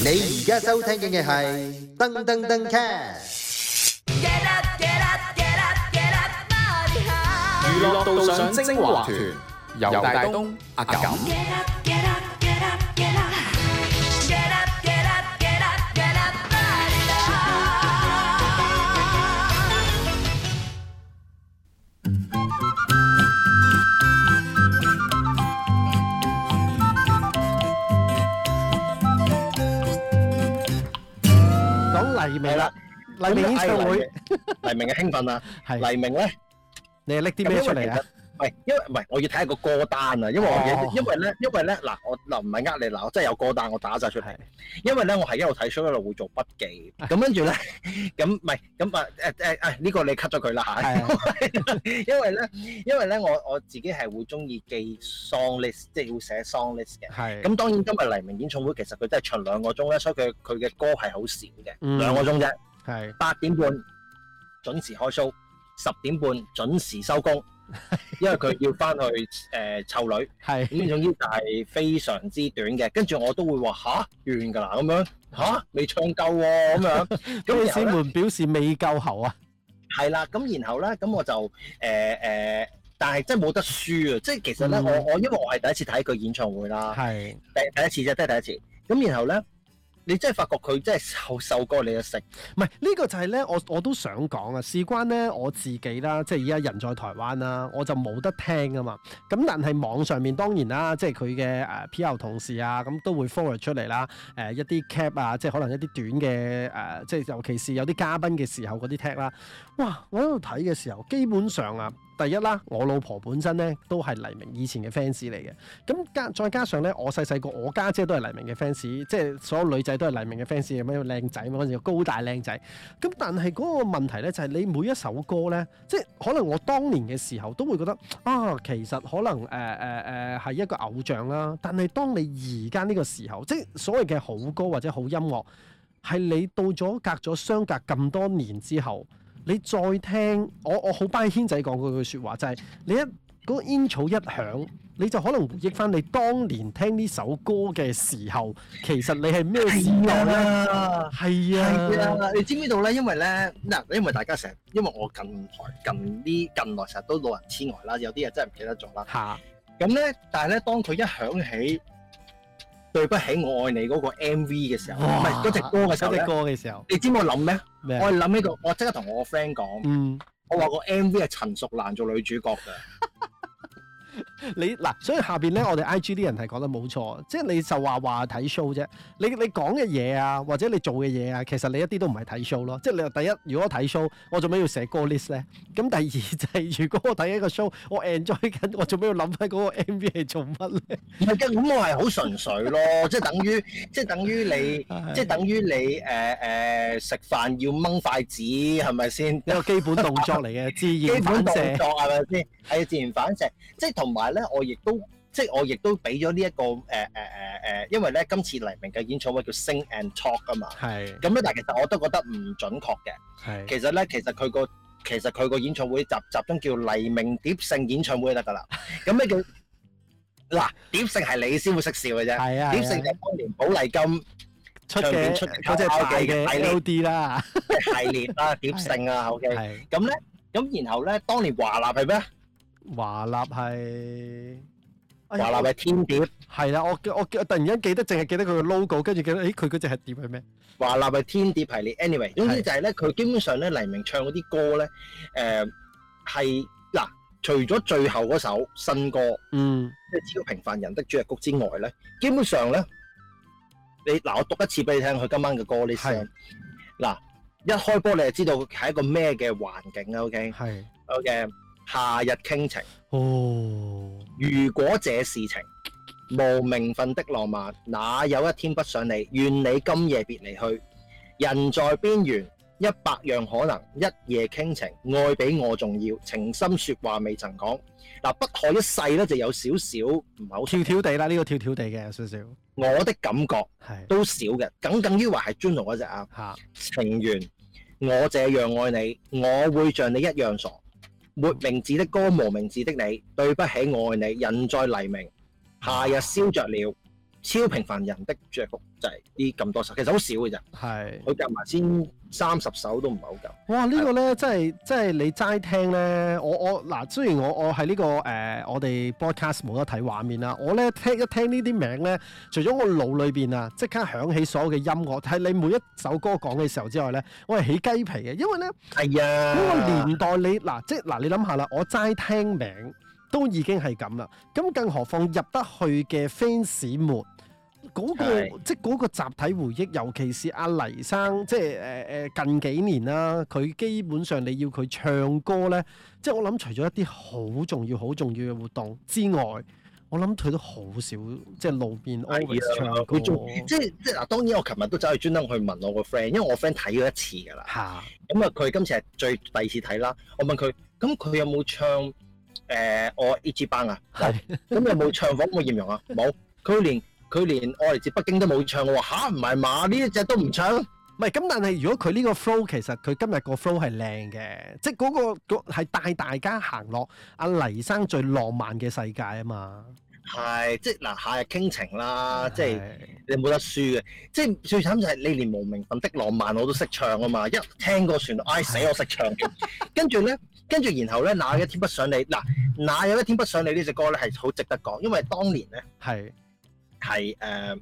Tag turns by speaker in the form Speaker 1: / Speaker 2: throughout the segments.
Speaker 1: 你而家收聽緊嘅係《噔噔噔 cast》，娛樂道上精華團，由大東、阿九。
Speaker 2: 係啦，黎明演唱會，
Speaker 1: 的黎明嘅興奮啦、啊，的黎明咧，你係拎啲咩出嚟啊？喂，因為唔係，我要睇下個歌單啊，因為因為咧，因為咧，嗱我嗱唔係呃你，嗱我真係有歌單，我打晒出嚟。是因為咧，我係一路睇 show 一路會做筆記。咁跟住咧，咁唔係，咁 啊誒誒啊呢、啊啊啊呢個你 cut 咗佢啦嚇。因為咧，因為咧，我我自己係會中意記 song list，即係會寫 song list 嘅。係是。咁當然今日黎明演唱會其實佢都係唱兩個鐘咧，所以佢佢嘅歌係好少嘅，嗯、兩個鐘啫。係是。八點半時準時開 show，十點半時準時收工。 因為佢要翻去誒湊、呃、女，係咁，總之就係非常之短嘅。跟住我都會話吓完噶啦，咁樣吓未唱夠咁樣。咁李小妹
Speaker 2: 表示未夠喉啊，
Speaker 1: 係啦。咁、 嗯、然後咧，咁 呢 我就誒誒、呃呃，但係真係冇得輸啊。即係其實咧，嗯、我我因為我係第一次睇佢演唱會啦，係
Speaker 2: 第是第一次啫，都係第一次。咁然後咧。你真係發覺佢真係受受過，你又識？唔係呢個就係咧，我我都想講啊，事關咧我自己啦，即係而家人在台灣啦，我就冇得聽啊嘛。咁但係網上面當然啦，即係佢嘅誒 PR 同事啊，咁都會 forward 出嚟啦。誒、呃、一啲 cap 啊，即係可能一啲短嘅誒，即、呃、係尤其是有啲嘉賓嘅時候嗰啲 cap 啦。哇！我喺度睇嘅時候，基本上啊，第一啦，我老婆本身咧都係黎明以前嘅 fans 嚟嘅。咁加再加上咧，我細細個我家姐都係黎明嘅 fans，即係所有女仔都係黎明嘅 fans，咁樣靚仔嗰陣又高大靚仔。咁但係嗰個問題咧，就係你每一首歌咧，即係可能我當年嘅時候都會覺得啊，其實可能誒誒誒係一個偶像啦。但係當你而家呢個時候，即係所謂嘅好歌或者好音樂，係你到咗隔咗相隔咁多年之後。你再聽我，我好拜軒仔講嗰句説話，就係、是、你一嗰個 intro 一響，你就可能回憶返你當年聽呢首歌嘅時候，其實你係咩意事啦？係啊，係啊，你知唔
Speaker 1: 知道咧？因為咧嗱，因為大家成日，因為我近台近呢近來成日都老人痴呆啦，有啲嘢真係唔記得咗啦。吓的，咁咧，但係咧，當佢一響起。對不起，我愛你嗰個 M V 嘅時候，唔係嗰隻歌嘅時，時候，歌嘅時候，你知我諗咩？
Speaker 2: 麼我係諗
Speaker 1: 呢個，我即刻同我個 friend 講，嗯、我話個 M V 係陳淑蘭做女主角嘅。
Speaker 2: 你嗱，所以下邊咧，我哋 IG 啲人係講得冇錯，即係你就話話睇 show 啫，你你講嘅嘢啊，或者你做嘅嘢啊，其實你一啲都唔係睇 show 咯，即係你話第一，如果睇 show，我做咩要寫歌 list 咧？咁第二就係、是、如果我睇一個 show，我 enjoy 緊，我做咩要諗喺嗰個 MV a 做乜咧？係咁我係好純
Speaker 1: 粹咯， 即係等
Speaker 2: 於即係等於你 即係等於你誒誒、
Speaker 1: 呃呃、食飯要掹筷子係咪先？一個 基本動作嚟嘅，自然 基本動作係咪先？係自然反射，即係同。同埋咧，我亦都即係我亦都俾咗呢一個誒誒誒誒，因為咧今次黎明嘅演唱會叫 Sing and Talk 啊嘛，係。咁咧，但係其實我都覺得唔準確嘅。係。其實咧，其實佢個其實佢個演唱會集集中叫黎明碟聖演唱會得㗎啦。咁呢，叫嗱碟聖係你先會識笑嘅啫。係啊。碟聖就
Speaker 2: 當年寶麗金出嘅嗰隻大系列 D 啦，
Speaker 1: 系列啦碟聖啊 OK。咁咧咁然後咧，當年華納係咩？
Speaker 2: 華立係
Speaker 1: 華立係天碟，
Speaker 2: 係啦，我我突然間記得，淨係記得佢個 logo，跟住記得，誒，佢嗰隻系碟係咩？華立係天碟系列。Anyway，總之就係
Speaker 1: 咧，佢基本上咧黎明唱嗰啲歌咧，誒係嗱，除咗最後嗰首新歌，嗯，即係《超平凡人的主日曲》之外咧，基本上咧，你嗱我讀一次俾你聽佢今晚嘅歌你聽，嗱一開波你就知道係一個咩嘅環境啊？OK 係 OK。夏日傾情哦，oh, 如果這事情無名份的浪漫，哪有一天不想你？願你今夜別離去。人在邊緣，一百樣可能，一夜傾情，愛比我重要，情深說話未曾講。嗱、啊，不可一世咧，就有少少唔好跳跳地啦，呢、這個跳跳地嘅有少少。我的感覺係都少嘅，耿耿於懷係尊重嗰隻啊。哈的，情緣，我這樣愛你，我會像你一樣傻。沒名字的歌，無名字的你，對不起，我愛你。人在黎明，夏日燒着了。超平凡人的着服就係啲咁多首，其實好少嘅啫。係。佢夾埋先三十首都唔係好
Speaker 2: 夠。哇！呢個咧真係真係你齋聽咧，我我嗱雖然我我喺呢個誒我哋 podcast 冇得睇畫面啦，我咧聽一聽呢啲名咧，除咗我腦裏邊啊即刻響起所有嘅音樂，睇你每一首歌講嘅時候之外咧，我係起雞皮嘅，因為咧係啊。呢個年代你嗱即嗱你諗下啦，我齋聽名。都已經係咁啦，咁更何況入得去嘅 fans 們嗰個，即係嗰個集體回憶，尤其是阿黎生，即係誒誒近幾年啦，佢基本上你要佢唱歌咧，即係我諗除咗一啲好重要、好重要嘅活動之外，我諗佢都好少即係路邊唱歌。哎嗯、
Speaker 1: 即係即係嗱，當然我琴日都走去專登去問我個 friend，因為我 friend 睇咗一次㗎啦。嚇的！咁啊、嗯，佢今次係最第二次睇啦。我問佢，咁佢有冇唱？誒，我愛 Ichiban 啊，咁又冇唱火舞豔陽啊，冇，佢連佢
Speaker 2: 連我嚟自北京都冇唱，我話嚇唔係嘛？呢一隻都唔唱，唔係咁，但係如果佢呢個 flow 其實佢今日個 flow 係靚嘅，即係嗰個個係帶大家行落阿黎生最浪漫嘅世界啊嘛，
Speaker 1: 係即係嗱，夏日傾情啦，即係你冇得輸嘅，即係最慘就係你連無名份的浪漫我都識唱啊嘛，一聽個旋律，哎死我識唱，跟住咧。跟住然後咧，哪一天不想你？嗱，哪有一天不想你呢隻歌咧，係好值得講，因為當年咧係係誒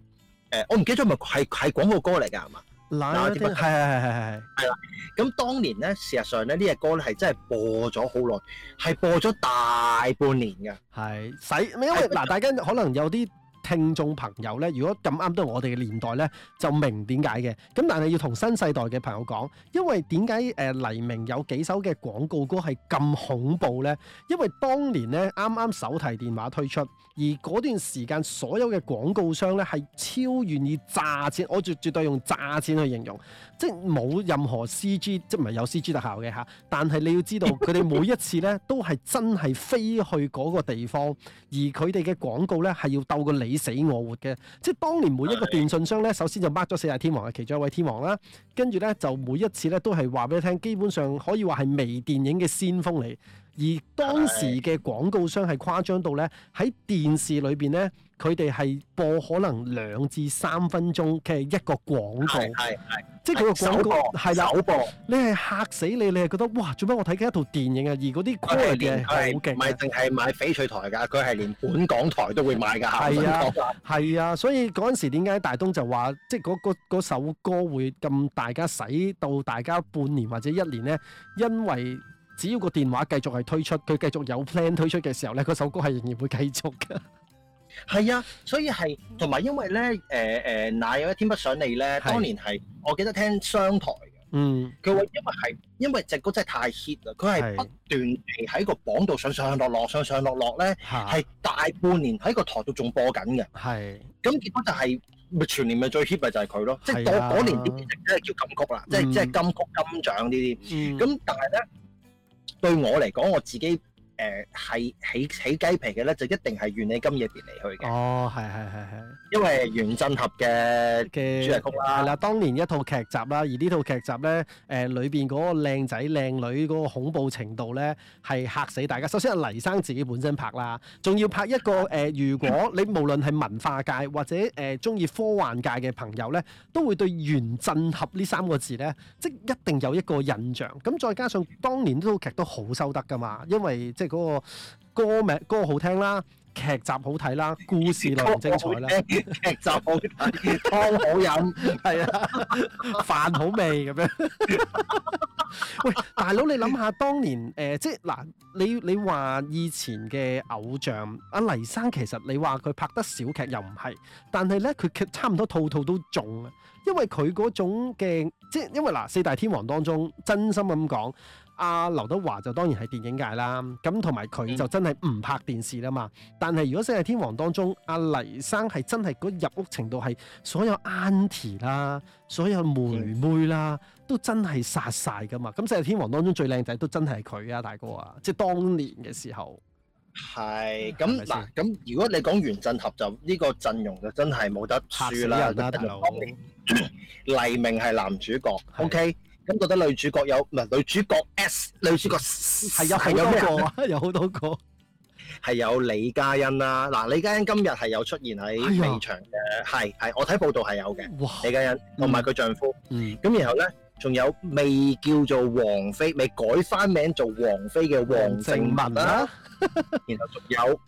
Speaker 1: 誒，我唔記得咗，咪係係廣告歌嚟㗎，係嘛？嗱，一天係係係係係啦。咁當年咧，事實上咧，呢隻歌咧係真係播咗好耐，係播咗大半年㗎。
Speaker 2: 係使，因為嗱是、呃，大家可能有啲。聽眾朋友咧，如果咁啱都係我哋嘅年代咧，就明點解嘅。咁但係要同新世代嘅朋友講，因為點解誒黎明有幾首嘅廣告歌係咁恐怖咧？因為當年咧，啱啱手提電話推出。而嗰段時間，所有嘅廣告商咧係超願意炸錢，我絕絕對用炸錢去形容，即係冇任何 CG，即係唔係有 CG 特效嘅吓。但係你要知道，佢哋 每一次咧都係真係飛去嗰個地方，而佢哋嘅廣告咧係要鬥個你死我活嘅。即係當年每一個電訊商咧，首先就 mark 咗四大天王嘅其中一位天王啦，跟住咧就每一次咧都係話俾你聽，基本上可以話係微電影嘅先鋒嚟。而當時嘅廣告商係誇張到咧，喺電視裏邊咧，佢哋係播可能兩至三分鐘嘅一個廣告，係係，即係佢個廣告係啦，你係嚇死你，你係覺得哇，做咩我睇緊一套電影啊？而嗰啲 quality 係好勁，唔
Speaker 1: 係淨係買翡翠台㗎，佢係連本港台都會買㗎，係啊，
Speaker 2: 係啊，啊，所以嗰陣時點解大東就話，即係嗰首歌會咁大家使到大家半年或者一年咧，因為。只要個電話繼續係推出，佢繼續有 plan 推出嘅時候咧，嗰首歌係仍然會繼續嘅。係啊，所以係同埋，因
Speaker 1: 為咧，誒、呃、誒，哪有一天不想你咧，是當年係我記得聽商台嘅。嗯。佢會因為係因為隻歌真係太 hit 啦，佢係不斷喺個榜度上上落落上上落落咧，係是大半年喺個台度仲播緊嘅。係是。咁結果就係咪全年咪最 hit 咪就係佢咯。啊、即係嗰嗰年啲啲嘢真係叫金曲啦，即係即係金曲金獎、嗯、呢啲咁，但係咧。對我嚟講，我自己。誒係起起雞皮嘅咧，就一定係願你今夜別離
Speaker 2: 去嘅。哦，係係係係。因為原振俠嘅主題曲啦，啦，當年一套劇集啦，而呢套劇集咧，誒、呃、裏邊嗰個靚仔靚女嗰個恐怖程度咧，係嚇死大家。首先係黎生自己本身拍啦，仲要拍一個誒、呃，如果你無論係文化界或者誒中意科幻界嘅朋友咧，都會對原振俠呢三個字咧，即一定有一個印象。咁再加上當年呢套劇都好收得噶嘛，因為即嗰個歌名歌好聽啦，劇集好睇啦，故事內容精彩啦， 劇集好睇， 湯好飲，係啊，飯好味咁樣。 喂，大佬，你諗下，當年誒、呃，即係嗱，你你話以前嘅偶像阿、啊、黎生，其實你話佢拍得小劇又唔係，但係咧佢差唔多套套都中啊，因為佢嗰種嘅，即係因為嗱，四大天王當中，真心咁講。阿劉德華就當然係電影界啦，咁同埋佢就真係唔拍電視啦嘛。但係如果《四大天王》當中，阿黎生係真係個入屋程度係所有 auntie 啦，所有妹妹啦都真係殺曬噶嘛。咁《四大天王》當中最靚仔都真係佢啊，大哥啊，即係當年嘅時候。
Speaker 1: 係咁嗱，咁如果你講完陣合就呢個陣容就真係冇得輸啦，大哥。黎明係男主角，OK。咁覺得女主角有唔係女主角 S，女主角係有係有咩啊？
Speaker 2: 有好多個，
Speaker 1: 係有李嘉欣啦。嗱，李嘉欣今日係有出現喺場嘅，係係。我睇報道係有嘅。李嘉欣同埋佢丈夫。咁然後咧，仲有未叫做王菲，未改翻名做王菲嘅王靖雯啦。然後仲有，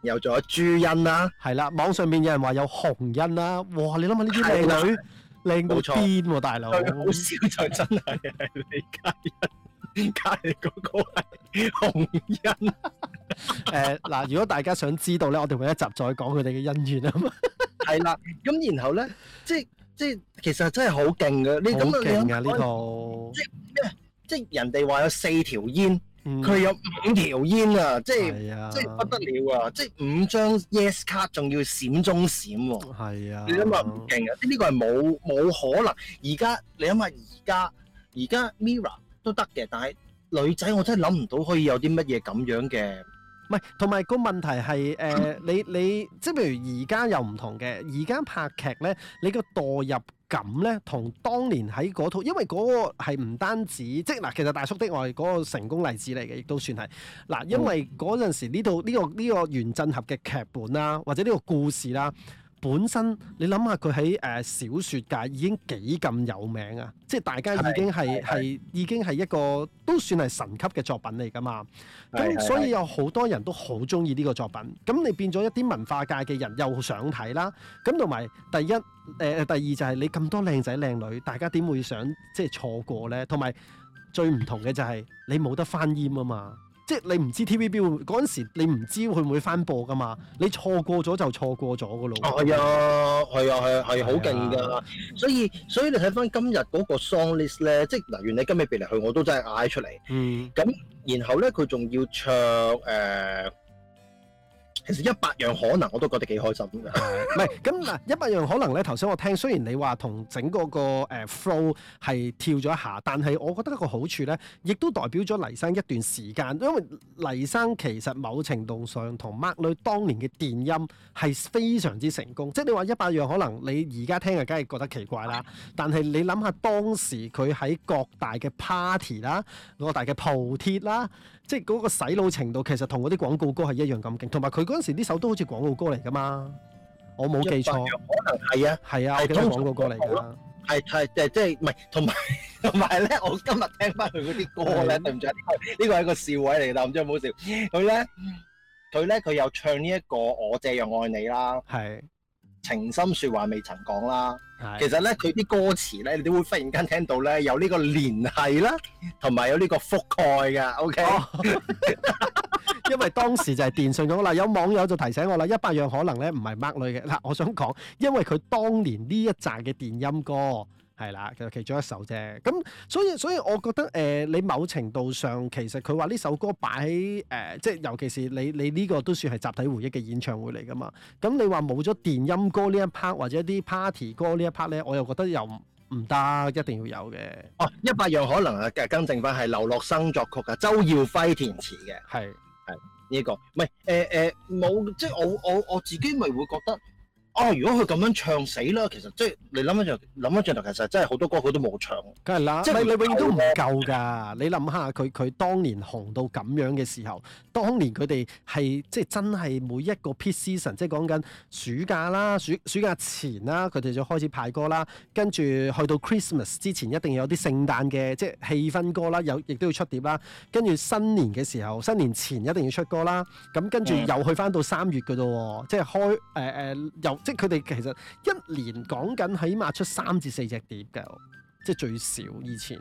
Speaker 2: 然後仲有朱茵啦。係啦，網上邊有人話有洪欣啦。哇！你諗下呢啲靚女。靚到天喎、啊，大佬！好笑就真係係你家，你家你嗰個係紅印。誒嗱，如果大家想知道咧，我哋會一集再講佢哋嘅恩怨啊嘛。係 啦， 咁然後咧，即即其實真係好勁嘅。你咁勁啊呢看、這
Speaker 1: 個？即係？即人哋話有四條煙。佢、嗯、有五條煙啊！即係、啊、即係不得了啊！即係五張 Yes 卡仲要閃中閃喎！你諗下唔勁啊！呢、啊啊、個係冇冇可能。而家你諗下而家而家 Mirror 都得嘅，但係女仔我真係諗唔到可以有啲乜嘢咁樣
Speaker 2: 嘅。唔係，同埋個問題係，誒、呃、你你即係譬如而家又唔同嘅，而家拍劇咧，你個墮入感咧，同當年喺嗰套，因為嗰個係唔單止，即係嗱，其實《大叔的愛》嗰、嗰個成功例子嚟嘅，亦都算係嗱，因為嗰陣時呢度呢個呢、呢個呢個袁振合嘅劇本啦、啊，或者呢個故事啦、啊。本身你諗下佢喺誒小説界已經幾咁有名啊！即係大家已經係係已經係一個都算係神級嘅作品嚟㗎嘛。咁所以有好多人都好中意呢個作品。咁你變咗一啲文化界嘅人又想睇啦。咁同埋第一誒、呃、第二就係、是、你咁多靚仔靚女，大家點會想即係錯過呢？同埋最唔同嘅就係、是、 你冇得翻煙啊嘛！即係你唔知 TVB 會嗰陣時，你唔知佢會唔會翻播噶嘛？你錯過咗就錯過咗噶咯。係、哎呀嗯、啊，
Speaker 1: 係啊，係係好勁㗎！
Speaker 2: 所以所以你睇翻今日嗰個 song list
Speaker 1: 咧，即係嗱，原來你今日畀嚟去，我都真係嗌出嚟。嗯。咁然後咧，佢仲要唱誒。呃其實一百樣可能我都覺得幾開心㗎，
Speaker 2: 唔係咁嗱一百樣可能咧，頭先我聽雖然你話同整嗰個，個、呃、flow 係跳咗下，但係我覺得一個好處咧，亦都代表咗黎生一段時間，因為黎生其實某程度上同 Mark 女當年嘅電音係非常之成功，即係你話一百樣可能你而家聽嘅梗係覺得奇怪啦，但係你諗下當時佢喺各大嘅 party 啦、各大嘅鋪鐵啦。即係嗰個洗腦程度其實同嗰啲廣告歌係一樣咁勁，同埋佢嗰陣時啲首都好似廣告歌嚟㗎嘛，我冇記錯，可能係啊，係啊，係種廣告歌嚟㗎，係係誒即係唔係同埋
Speaker 1: 同埋咧，我今日聽翻佢嗰啲歌咧，啊、對唔住，呢個呢個係一個笑位嚟㗎，唔知好唔好笑？佢咧佢咧佢又唱呢、這、一個我這樣愛你啦，係。情深說話未曾講啦，的其實呢，佢啲歌詞呢，你都會忽然間聽到呢，有個
Speaker 2: 呢個聯繫啦，同埋有呢個覆蓋嘅，OK。因為當時就係電信咗啦，有網友就提醒我啦，一百樣可能呢唔係麥女嘅嗱，我想講，因為佢當年呢一集嘅電音歌。係啦，其實其中一首啫。咁所以所以，所以我覺得誒、呃，你某程度上其實佢話呢首歌擺喺誒、呃，即係尤其是你你呢個都算係集體回憶嘅演唱會嚟噶嘛。咁你話冇咗電音歌呢一 part 或者啲 party 歌一呢一 part 咧，我又覺得又唔得，一定要有嘅。哦、
Speaker 1: 啊，一百樣可能啊，更更正翻係劉諾生作曲嘅，周耀輝填詞嘅。係係呢個，唔係誒誒冇，即係我我我自己咪會覺得。哦，如果佢咁樣唱死啦，其實即係你諗一轉，諗一轉頭，其實真係好多歌佢都冇唱，
Speaker 2: 梗係啦，即係你不永遠都唔夠㗎。就是、你諗下佢佢當年紅到咁樣嘅時候，當年佢哋係即係真係每一個 piece season，即係講緊暑假啦、暑暑假前啦，佢哋就開始派歌啦，跟住去到 Christmas 之前一定要有啲聖誕嘅即係氣氛歌啦，有亦都要出碟啦，跟住新年嘅時候，新年前一定要出歌啦。咁跟住又去翻到三月㗎咯，即係開誒誒、呃呃呃呃呃、又。即係佢哋其實一年講緊起碼出三至四隻碟嘅，即係最少以前。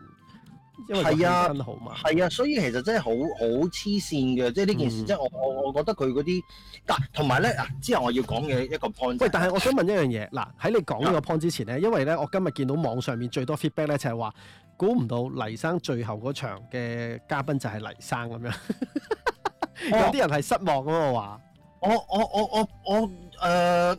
Speaker 1: 因為係啊，係啊，所以其實真係好好黐線嘅，即係呢件事，即係、嗯、我我我覺得佢嗰啲，但同埋咧啊，之後我要講嘅一個
Speaker 2: point、就是。喂，但係我想問一樣嘢，嗱喺你講呢個 point 之前咧，因為咧我今日見到網上面最多 feedback 咧就係話，估唔到黎生最後嗰場嘅嘉賓就係黎生咁樣， 有啲人係失望咁啊，我話。我、哦、我我我
Speaker 1: 我誒。我呃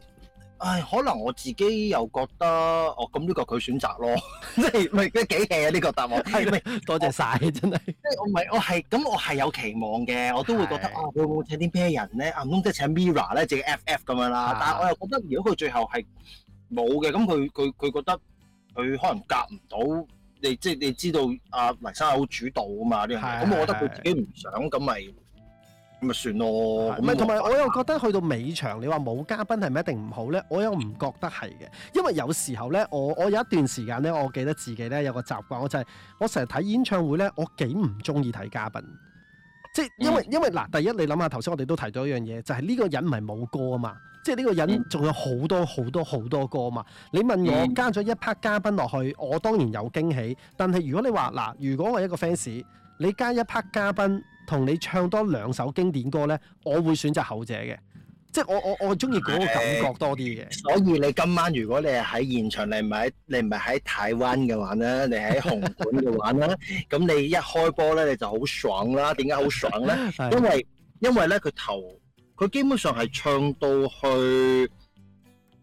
Speaker 1: 唉，可能我自己又覺得，哦，咁呢個佢選擇咯，即係咪即係幾 hea 啊？呢個答案係多謝晒，真係。即係 我唔係我係咁，我係有期望嘅，我都會覺得的啊，佢會唔會請啲咩人咧？暗中即係請 Mirror 咧，直接 FF 咁樣啦。的但係我又覺得，如果佢最後係冇嘅，咁佢佢佢覺得佢可能夾唔到你，即係你知道阿、啊、黎生好主導啊嘛啲嘢。咁的、嗯、我覺得佢自己唔想咁咪。咁咪算咯，唔係同埋我
Speaker 2: 又覺得去到尾場，你話冇嘉賓係咪一定唔好咧？我又唔覺得係嘅，因為有時候咧，我我有一段時間咧，我記得自己咧有個習慣，我就係、是、我成日睇演唱會咧，我幾唔中意睇嘉賓，即係因為、嗯、因為嗱，第一你諗下頭先，我哋都提到一樣嘢，就係、是、呢個人唔係冇歌啊嘛，即係呢個人仲有好多好、嗯、多好多歌嘛。你問我加咗一 part 嘉賓落去，我當然有驚喜，但係如果你話嗱，如果我一個 fans，你加一 part 嘉賓。同你唱多兩首經典歌咧，我會選擇後者嘅，即係我我我中意嗰個感覺多啲嘅、呃。所
Speaker 1: 以你今晚如果你係喺現場，你唔係你唔係喺台灣嘅話咧，你喺紅館嘅話咧，咁 你一開波咧，你就好爽啦。點解好爽咧 的？因為因為咧，佢頭佢基本上係唱到去，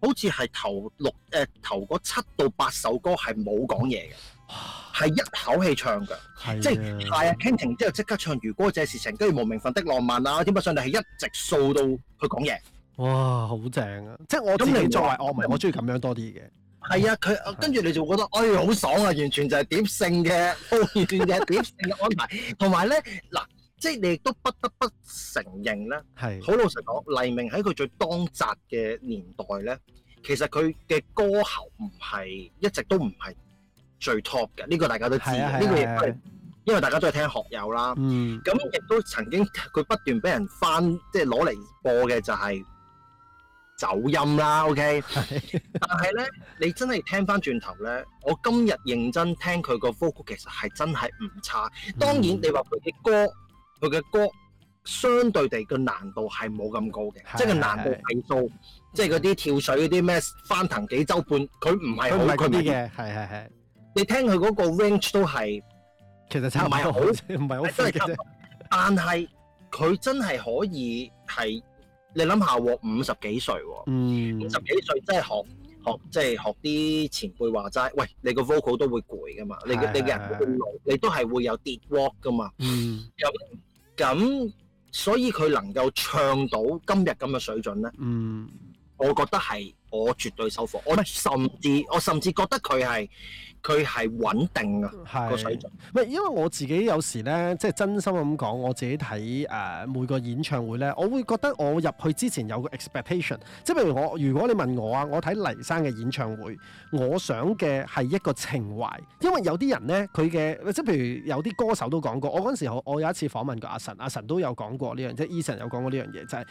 Speaker 1: 好似係頭六誒、呃、頭七到八首歌係冇講嘢嘅。係哇一口氣唱嘅，
Speaker 2: 的即係
Speaker 1: 係啊。聽停之後即刻唱《如果這是情》跟住《無名份的浪漫》啊，點啊！上嚟係一直掃到佢講嘢。
Speaker 2: 哇，好正啊！即係我咁，你作為樂迷，我中意咁樣多啲嘅
Speaker 1: 係啊。佢跟住你就會覺得，的哎，好爽啊！完全就係碟性嘅鋪段嘅碟性嘅安排。同埋咧，嗱，即係你亦都不得不承認咧，係好老實講，黎明喺佢最當紮嘅年代咧，其實佢嘅歌喉唔係一直都唔係。最 top 嘅呢個大家都知，呢個嘢，因為大家都係聽學友啦。咁亦都曾經佢不斷俾人翻，即係攞嚟播嘅就係走音啦。OK，但係咧，你真係聽翻轉頭咧，我今日認真聽佢個歌曲，其實係真係唔差。當然你話佢嘅歌，佢嘅歌相對地嘅難度係冇咁高嘅，即係個難度係數，即係嗰啲跳水嗰啲咩翻騰幾週半，佢唔係好，佢嘅，係係係。你聽佢嗰個 range 都係，
Speaker 2: 其實差唔係好，
Speaker 1: 唔係好，真係差。但係佢真係可以係， 你諗下喎，五十幾歲喎，五十幾歲真係學學，即係學啲、就是、前輩話齋，喂，你個 vocal 都會攰㗎嘛，的你你嘅人會攰，的你都係會有跌 work 㗎嘛。咁咁、嗯，所以佢能夠唱到今日咁嘅水準咧，嗯、我覺得係我絕對收貨，是我甚至我甚至覺得佢係。佢係穩定啊個水
Speaker 2: 準。因為我自己有時呢，即係真心咁講，我自己睇誒每個演唱會呢，我會覺得我入去之前有個 expectation，即係譬如我如果你問我啊，我睇黎生嘅演唱會，我想嘅係一個情懷，因為有啲人呢，佢嘅即係譬如有啲歌手都講過，我嗰陣時候我有一次訪問過阿神，阿神都有講過呢樣，即係 Eason 有講過呢樣嘢，就係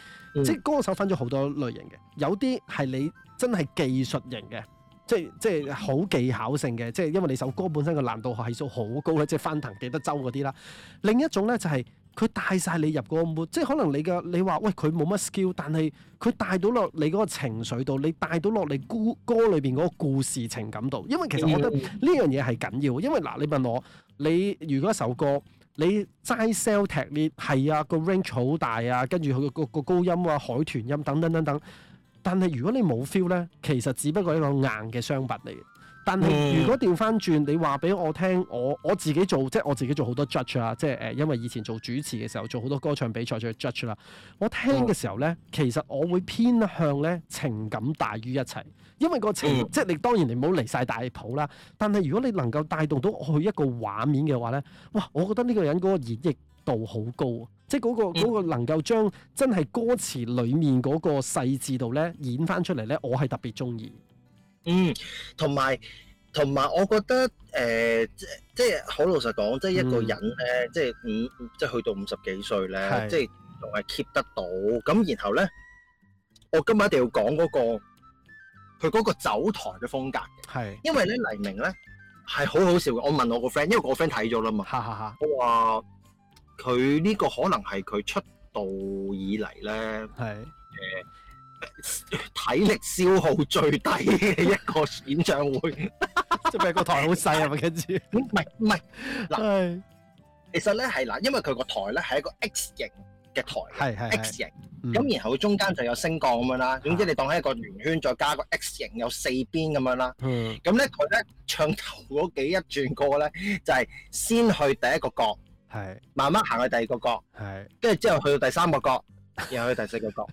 Speaker 2: 即係、嗯、歌手分咗好多類型嘅，有啲係你真係技術型嘅。即係即係好技巧性嘅，即係因為你首歌本身個難度係數好高咧，即係翻騰幾多周嗰啲啦。另一種咧就係、係、佢帶晒你入、嗰個末，即係可能你嘅你話喂佢冇乜 skill，但係佢帶到落你嗰個情緒度，你帶到落你故歌裏邊嗰個故事情感度。因為其實我覺得呢樣嘢係緊要，因為嗱、嗯、你問我，你如果一首歌你齋 sell 踢你係啊個 range 好大啊，跟住佢個個高音啊海豚音等等等等。但係如果你冇 feel 呢，其實只不過一個硬嘅商品嚟。但係如果調翻轉，你話俾我聽，我我自己做，即係我自己做好多 judge 啦，即係因為以前做主持嘅時候，做好多歌唱比賽就 judge 啦。我聽嘅時候呢，其實我會偏向呢情感大於一切，因為個情，嗯、即係你當然你冇離晒大譜啦。但係如果你能夠帶動到我去一個畫面嘅話呢，哇，我覺得呢個人嗰個演繹度好高，即係嗰個嗰個能夠將真係歌詞裡面嗰個細緻度咧演翻出嚟咧，我係特別中意。嗯，同埋同埋，我覺得誒，即即係
Speaker 1: 好老實講，即係一個人咧，即係五即係去到五十幾歲咧，即係仲係 keep 得到。咁然後咧，我今日一定要講嗰個佢嗰個走台嘅風格嘅。係，因為咧黎明咧係好好笑嘅。我問我個 friend，因為我 friend 睇咗啦嘛，我話。佢呢個可能係佢出道以嚟咧，誒體力消耗最低嘅一個演唱會，即係個台好細啊！嘛，跟住，唔係唔係嗱，其實咧係嗱，因為佢個台咧係一個 X 型嘅台，係係 X 型，咁然後佢中間就有升降咁樣啦。總之你當喺一個圓圈，再加個 X 型，有四邊咁樣啦。咁咧佢咧唱頭嗰幾一轉歌咧，就係先去第一個角。係慢慢行去第二個角，
Speaker 2: 係
Speaker 1: 跟住之後去到第三個角，然後去第四個角，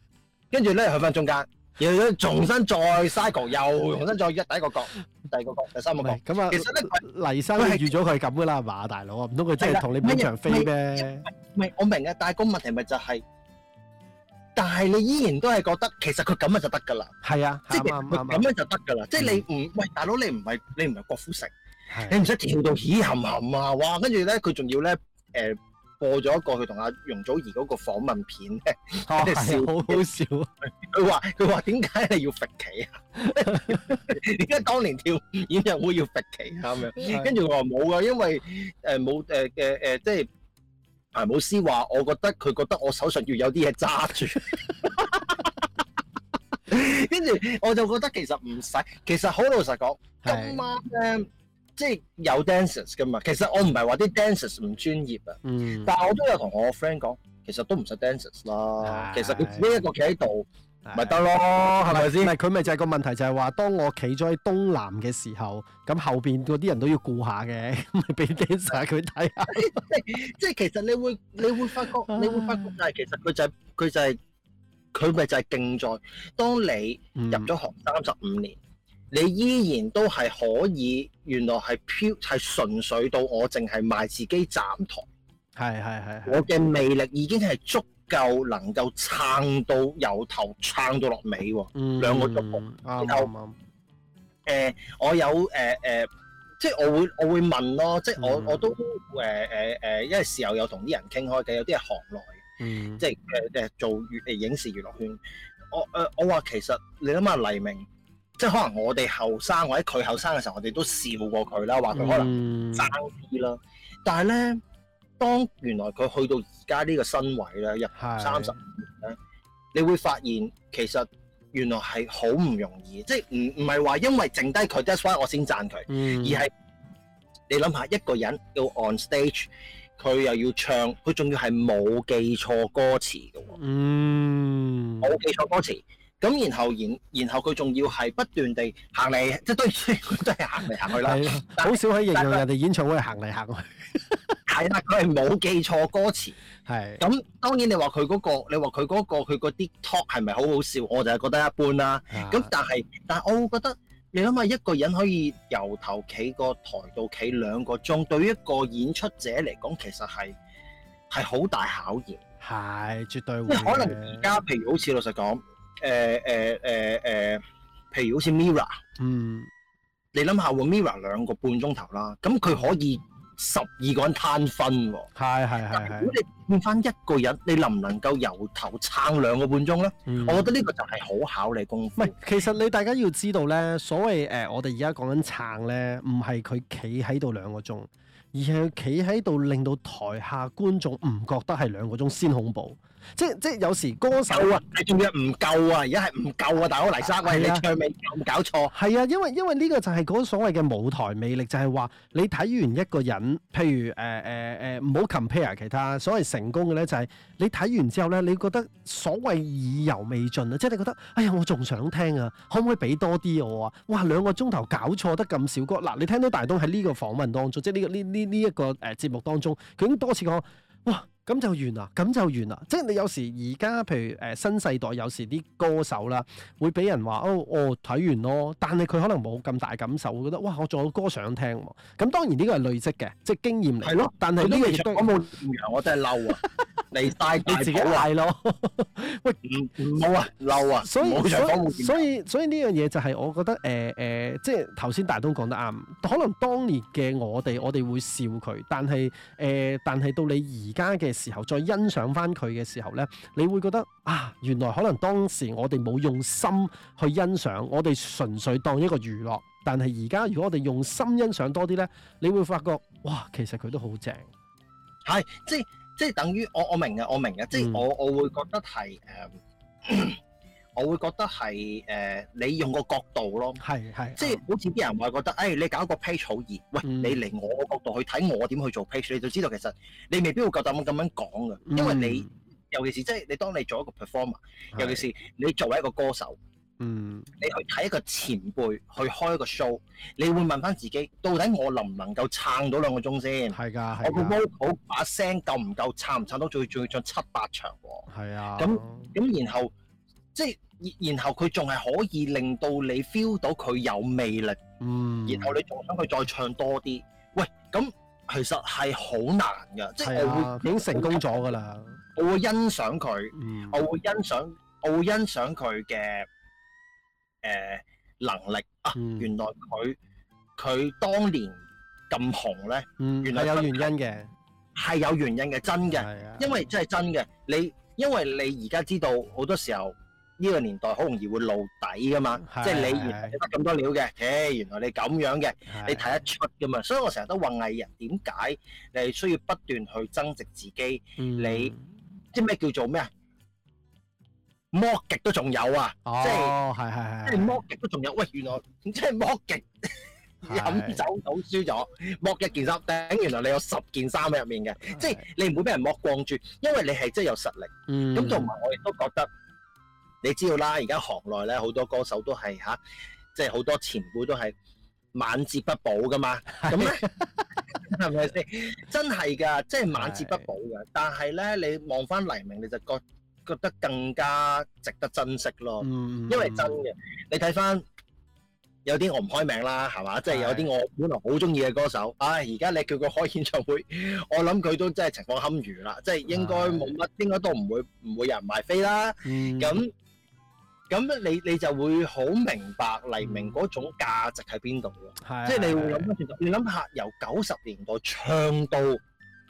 Speaker 1: 跟住咧去翻中間，然後重新再嘥局，又重新再一第一個角、第二個角、第三個角。
Speaker 2: 咁啊，其實咧黎生預咗佢係咁噶啦，嘛大佬啊，唔通佢即係同你邊場飛咩？唔
Speaker 1: 係我明啊，但係個問題咪就係，但係你依然都係覺得其實佢咁啊就得噶啦，係啊，即係咁樣就得噶啦，即係你唔，喂，大佬你唔係你唔係郭富城，你唔使跳到起冚冚啊，哇！跟住咧佢仲要咧。誒播咗一個佢同阿容祖兒嗰個訪問片咧，即係、啊、好好笑啊！佢話佢話點解你要揈旗啊？點 解當年跳演唱會要揈旗啊？咁樣，跟住佢話冇㗎，因為誒冇誒誒誒，即係誒冇私話。我覺得佢覺得我手上要有啲嘢揸住，跟 住 我就覺得其實唔使，其實好老實講，今晚咧。即係有 dancers 㗎嘛，其實我唔係話啲 dancers 唔專業啊，嗯、但係我都有同我個 friend 講，其實都唔使 dancers 啦，哎、其實佢自己一個企喺度
Speaker 2: 咪得咯，係咪先？唔係佢咪就係個問題就係話，當我企咗喺東南嘅時候，咁後邊嗰啲人都要顧下嘅，咪俾 dancer 佢睇下。
Speaker 1: 即係、哎、 其實你會你會發覺你會發覺，哎、但係其實佢就係、是、佢就係佢咪就係、是、勁在，當你入咗行三十五年。你依然都係可以，原來係漂係純粹到我淨係賣自己站台，係係係。我嘅魅力已經係足夠能夠撐到由頭撐到落尾喎，哦，兩、嗯、個足部。啱啱。我有誒誒、呃呃，即係我會我會問咯，即係我、嗯、我都誒誒誒，因為時候有同啲人傾開嘅，有啲係行內嘅，嗯、即係誒誒做娛誒影視娛樂圈。我誒、呃、我話其實你諗下黎，黎明，明。即係可能我哋後生或者佢後生嘅時候，我哋都笑過佢啦，話佢可能爭啲啦。嗯、但係咧，當原來佢去到而家呢個身位咧，入行三十五年咧，你會發現其實原來係好唔容易。即係唔唔係話因為剩低佢，that's why 我先讚佢，嗯、而係你諗下，一個人要 on stage，佢又要唱，佢仲要係冇記錯歌詞嘅
Speaker 2: 喎，冇、
Speaker 1: 嗯、記錯歌詞。咁，然後然，然後佢仲要係不斷地行嚟，即係都都係行嚟行去啦。係
Speaker 2: 好少可以形容人哋演唱會行嚟
Speaker 1: 行去。係啦，佢係冇記錯歌詞。係。咁當然，你話佢嗰個，你話佢嗰個，佢嗰啲 talk 係咪好好笑？我就係覺得一般啦。咁但係，但係我會覺得你諗下，一個人可以由頭企個台到企兩個鐘，對於一個演出者嚟講，其實係係好大考驗。
Speaker 2: 係，絕對會。即係可能
Speaker 1: 而家，譬如好似老實講。誒誒誒誒，譬如好似 Mirror，嗯，你諗下喎，Mirror 兩個半鐘頭啦，咁佢可以十二個人攤分喎，係係係。如果你換返一個人，你能唔能夠由頭撐兩個半鐘咧？嗯、我覺得呢個就係好考你功夫。唔、嗯、
Speaker 2: 其實你大家要知道咧，所謂誒、呃，我哋而家講緊撐咧，唔係佢企喺度兩個鐘，而係佢企喺度令到台下觀眾唔覺得係兩個鐘先恐怖。即即有時歌手，啊，
Speaker 1: 係仲要唔夠啊！而家係唔
Speaker 2: 夠啊！大佬黎生，喂、啊、你唱尾又搞錯。係啊，因為因為呢個就係嗰所謂嘅舞台魅力，就係、是、話你睇完一個人，譬如誒誒誒，唔好 compare 其他。所謂成功嘅咧，就係你睇完之後咧，你覺得所謂意猶未盡啊！即、就、係、是、你覺得，哎呀，我仲想聽啊，可唔可以俾多啲我啊？哇，兩個鐘頭搞錯得咁少歌嗱！你聽到大東喺呢個訪問當中，即係、這、呢個呢呢呢一個誒節目當中，佢已經多次講哇。咁就完啦，咁就完啦。即係你有時而家譬如誒、呃、新世代，有時啲歌手啦，會俾人話哦，我、哦、睇完咯。但係佢可能冇咁大感受，會覺得哇，我仲有歌想聽喎、啊。咁當然呢個係累積嘅，即係經驗嚟。係咯，但係呢個亦都我冇
Speaker 1: 我真係嬲啊！ 你大、啊、你自己大咯
Speaker 2: ，Bur p. 喂，嗯、 好啊，怒啊以，嬲啊，所以所以所以呢樣嘢就係我覺得誒誒，即係頭先大東講得啱，可能當年嘅我哋，我哋會笑佢，但係誒、呃，但係到你而家嘅時候再欣賞翻佢嘅時候咧，你會覺得啊，原來可能當時我哋冇用心去欣賞，我哋純粹當一個娛樂，但係而家如果我哋用心欣賞多啲咧，你會發覺哇，其實佢都好正，
Speaker 1: 係即係。 即係等於我我明嘅，我明嘅，即係我、嗯、我會覺得係誒、呃，我會覺得係誒、呃，你用個角度咯，係係，即係好似啲人話覺得，誒、嗯哎、你搞一個 page 好易，喂，嗯、你嚟我個角度去睇我點去做 page，你就知道其實你未必會夠膽咁樣講㗎，因為你、嗯、尤其是即係你當你做一個 performer，尤其是你作為一個歌手。是嗯，你去睇一個前輩去開一個 show，你會問翻自己，到底我能唔能夠撐到兩個鐘先？係噶，我的個 logo 把聲夠唔夠撐唔撐到仲要仲要唱七八場喎。係啊的。咁咁然後即係然後佢仲係可以令到你 feel 到佢有魅力，嗯。然後你仲想佢再唱多啲，喂，咁其實係好難噶，的
Speaker 2: 即係我會已經成功咗噶啦，
Speaker 1: 我會欣賞佢、嗯，我會欣賞我會欣賞佢嘅。誒、呃、能力啊，原來佢佢當年咁紅咧，原來有原因嘅，係有原因嘅，真嘅，因為真係真嘅，你因為你而家知道好多時候呢個年代好容易會露底噶嘛，即係你原來咁多料嘅？誒原來你咁樣嘅，你睇得出噶嘛，所以我成日都話藝人，點解你需要不斷去增值自己。嗯、你知咩叫做咩啊？剝極都仲有啊
Speaker 2: ！Oh, 即係係係
Speaker 1: 係，即係剝極都仲有。喂、欸，原來即係剝極飲的 酒賭輸咗，剝一件衫。等原來你有十件衫喺入面嘅，即係你唔會俾人剝光豬，因為你係真係有實力。咁同埋我亦都覺得，你知道啦，而家行內咧好多歌手都係吓，即係好多前輩都係晚節不保噶嘛。咁咧係咪先？ 真係㗎，即、就、係、是、晚節不保嘅。但係咧，你望翻黎明，你就覺。覺得更加值得珍惜咯，嗯、因為真嘅，你睇翻有啲我唔開名啦，係嘛？即係是有啲我本來好中意嘅歌手，啊，而家你叫佢開演唱會，我諗佢都真係情況堪虞啦，即、就、係、是、應該冇乜，是應該都唔會唔會有人買飛啦。咁咁是、嗯、你你就會好明白黎明嗰種價值喺邊度㗎？即係是你會諗乜選擇？你諗下由九十年代唱到。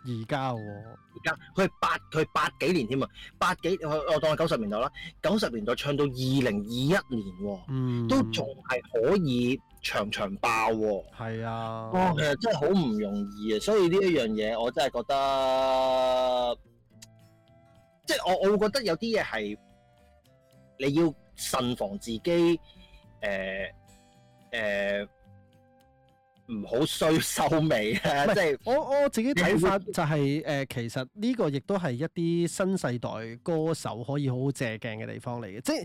Speaker 1: 而家、哦、我，而家佢八佢八幾年添啊，八幾我我當係九十年代啦，九十年代唱到二零二一年，嗯，
Speaker 2: 都仲
Speaker 1: 係可以場場爆、哦，係啊，哇，其實真係好唔容易啊，所以呢一樣嘢我真係覺得，即、就、係、是、我我會覺得有啲嘢係你要慎防自己，誒、呃、誒。呃唔好衰收尾啊！即
Speaker 2: 係我我自己睇法就係誒，其實呢個亦都係一啲新世代歌手可以好好借鏡嘅地方嚟嘅，即係